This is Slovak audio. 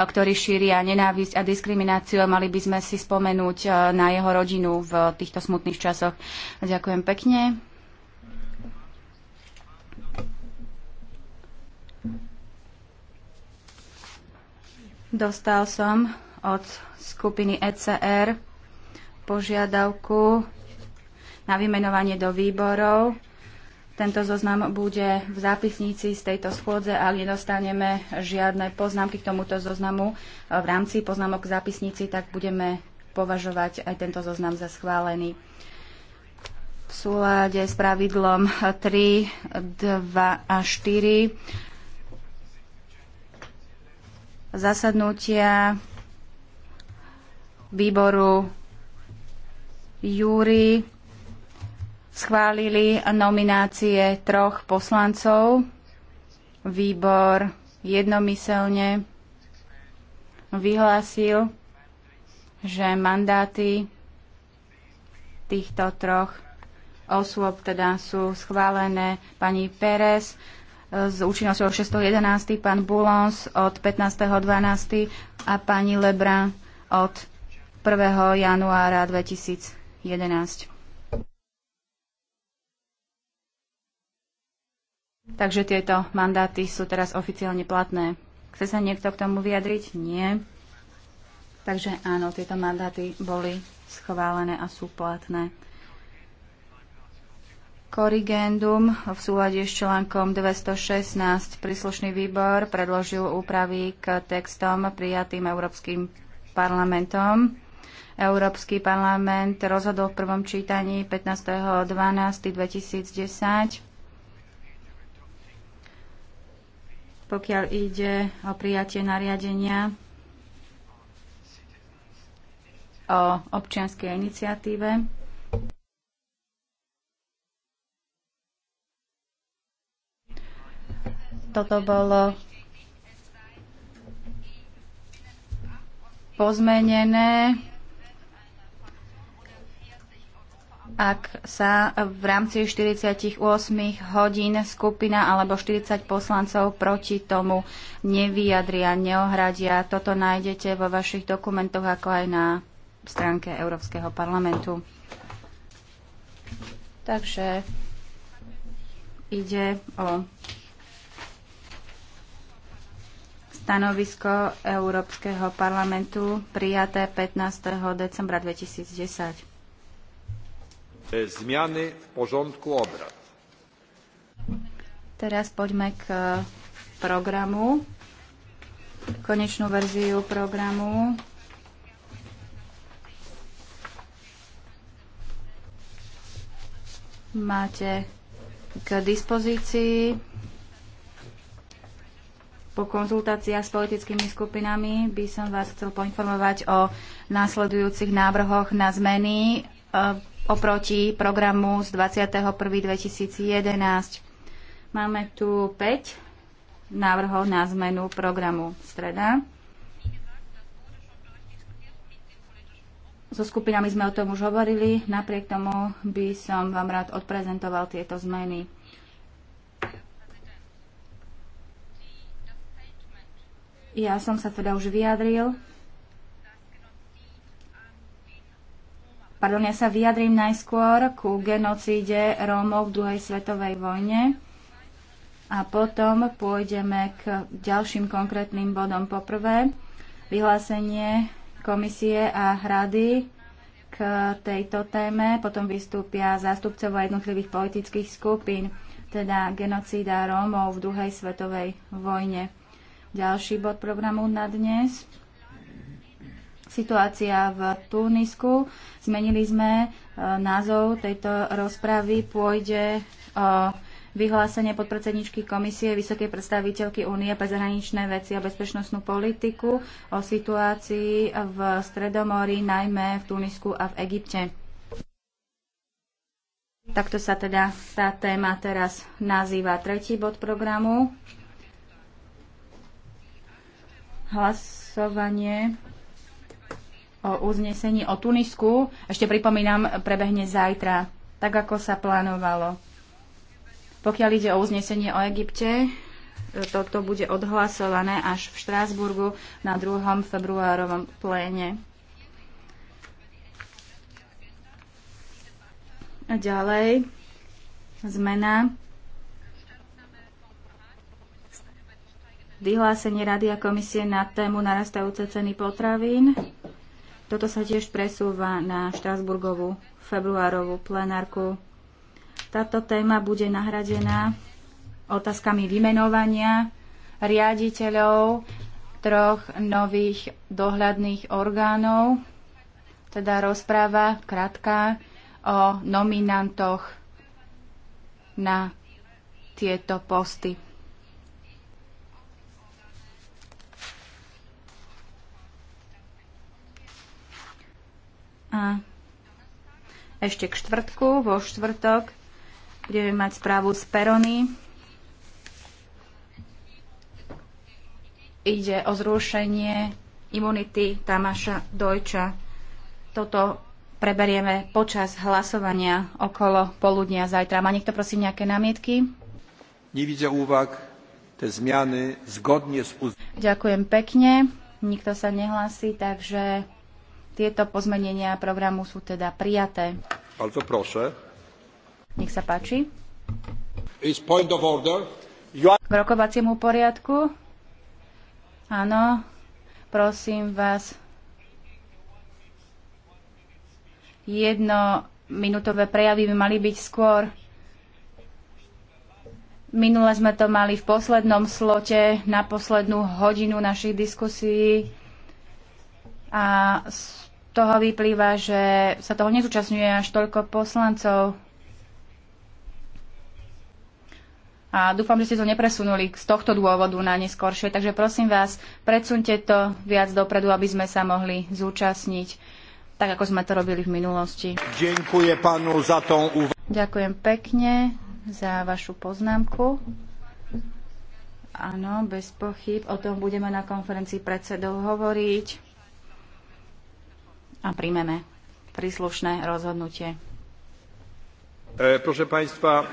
ktorí šíria nenávisť a diskrimináciu a mali by sme si spomenúť e, na jeho rodinu v týchto smutných časoch. Ďakujem pekne. Dostal som od skupiny ECR požiadavku na vymenovanie do výborov tento zoznam bude v zápisnici z tejto schôdze, ak nedostaneme žiadne poznámky k tomuto zoznamu v rámci poznámok k zápisnici, tak budeme považovať aj tento zoznam za schválený. V súlade s pravidlom 3, 2 a 4 zasadnutia výboru Júri schválili nominácie troch poslancov. Výbor jednomyselne vyhlásil, že mandáty týchto troch osôb teda sú schválené pani Pérez z účinnosťou 6.11., pán Boulons od 15.12. a pani Lebrun od 1. januára 2011. Takže tieto mandáty sú teraz oficiálne platné. Chce sa niekto k tomu vyjadriť? Nie. Takže áno, tieto mandáty boli schválené a sú platné. Korigendum v súlade s článkom 216 príslušný výbor predložil úpravy k textom prijatým Európskym parlamentom. Európsky parlament rozhodol v prvom čítaní 15.12.2010 pokiaľ ide o prijatie nariadenia o občianskej iniciatíve. Toto bolo pozmenené ak sa v rámci 48 hodín skupina alebo 40 poslancov proti tomu nevyjadria, neohradia. Toto nájdete vo vašich dokumentoch, ako aj na stránke Európskeho parlamentu. Takže ide o stanovisko Európskeho parlamentu prijaté 15. decembra 2010. E, zmiany v porządku obrad. Teraz poďme k e, programu. Konečnú verziu programu. Máte k dispozícii po konzultáciách s politickými skupinami by som vás chcel poinformovať o následujúcich návrhoch na zmeny Eh, oproti programu z 21.2011. Máme tu 5 návrhov na zmenu programu streda. So skupinami sme o tom už hovorili, napriek tomu by som vám rád odprezentoval tieto zmeny. Ja som sa teda už vyjadril. Pardon, ja sa vyjadrím najskôr ku genocíde Rómov v druhej svetovej vojne a potom pôjdeme k ďalším konkrétnym bodom. Poprvé, vyhlásenie komisie a rady k tejto téme, potom vystúpia zástupcovia jednotlivých politických skupín, teda genocída Rómov v druhej svetovej vojne. Ďalší bod programu na dnes situácia v Tunisku. Zmenili sme e, názov tejto rozpravy. Pôjde o vyhlásenie podpredsedničky komisie Vysokej predstaviteľky únie pre zahraničné veci a bezpečnostnú politiku o situácii v Stredomorí, najmä v Tunisku a v Egypte. Takto sa teda tá téma teraz nazýva tretí bod programu. Hlasovanie o uznesení o Tunisku, ešte pripomínam, prebehne zajtra, tak ako sa plánovalo. Pokiaľ ide o uznesenie o Egypte, toto bude odhlasované až v Štrásburgu na 2. februárovom pléne. A ďalej zmena vyhlásenie Rady a komisie na tému narastajúce ceny potravín. Toto sa tiež presúva na Štrasburgovú februárovú plenárku. Táto téma bude nahradená otázkami vymenovania riaditeľov troch nových dohľadných orgánov, teda rozpráva krátka o nominantoch na tieto posty. A ešte k štvrtku, vo štvrtok budeme mať správu z Perony. Ide o zrušenie imunity Tamáša Dojča. Toto preberieme počas hlasovania okolo poludnia zajtra. Má niekto prosím nejaké námietky? Nevidia úvak te zmiany zgodne s... Ďakujem pekne. Nikto sa nehlási, takže tieto pozmenenia programu sú teda prijaté. Bardzo proszę. Nech sa páči. Is point of order. You are... K rokovaciemu poriadku. Áno. Prosím vás. Jedno minútové prejavy by mali byť skôr. Minule sme to mali v poslednom slote na poslednú hodinu našich diskusí a z toho vyplýva, že sa toho nezúčastňuje až toľko poslancov. A dúfam, že ste to nepresunuli z tohto dôvodu na neskoršie. Takže prosím vás, predsunte to viac dopredu, aby sme sa mohli zúčastniť, tak ako sme to robili v minulosti. Ďakujem, pánu za to... Ďakujem pekne za vašu poznámku. Áno, bez pochyb. O tom budeme na konferencii predsedov hovoriť a príjmeme príslušné rozhodnutie. E,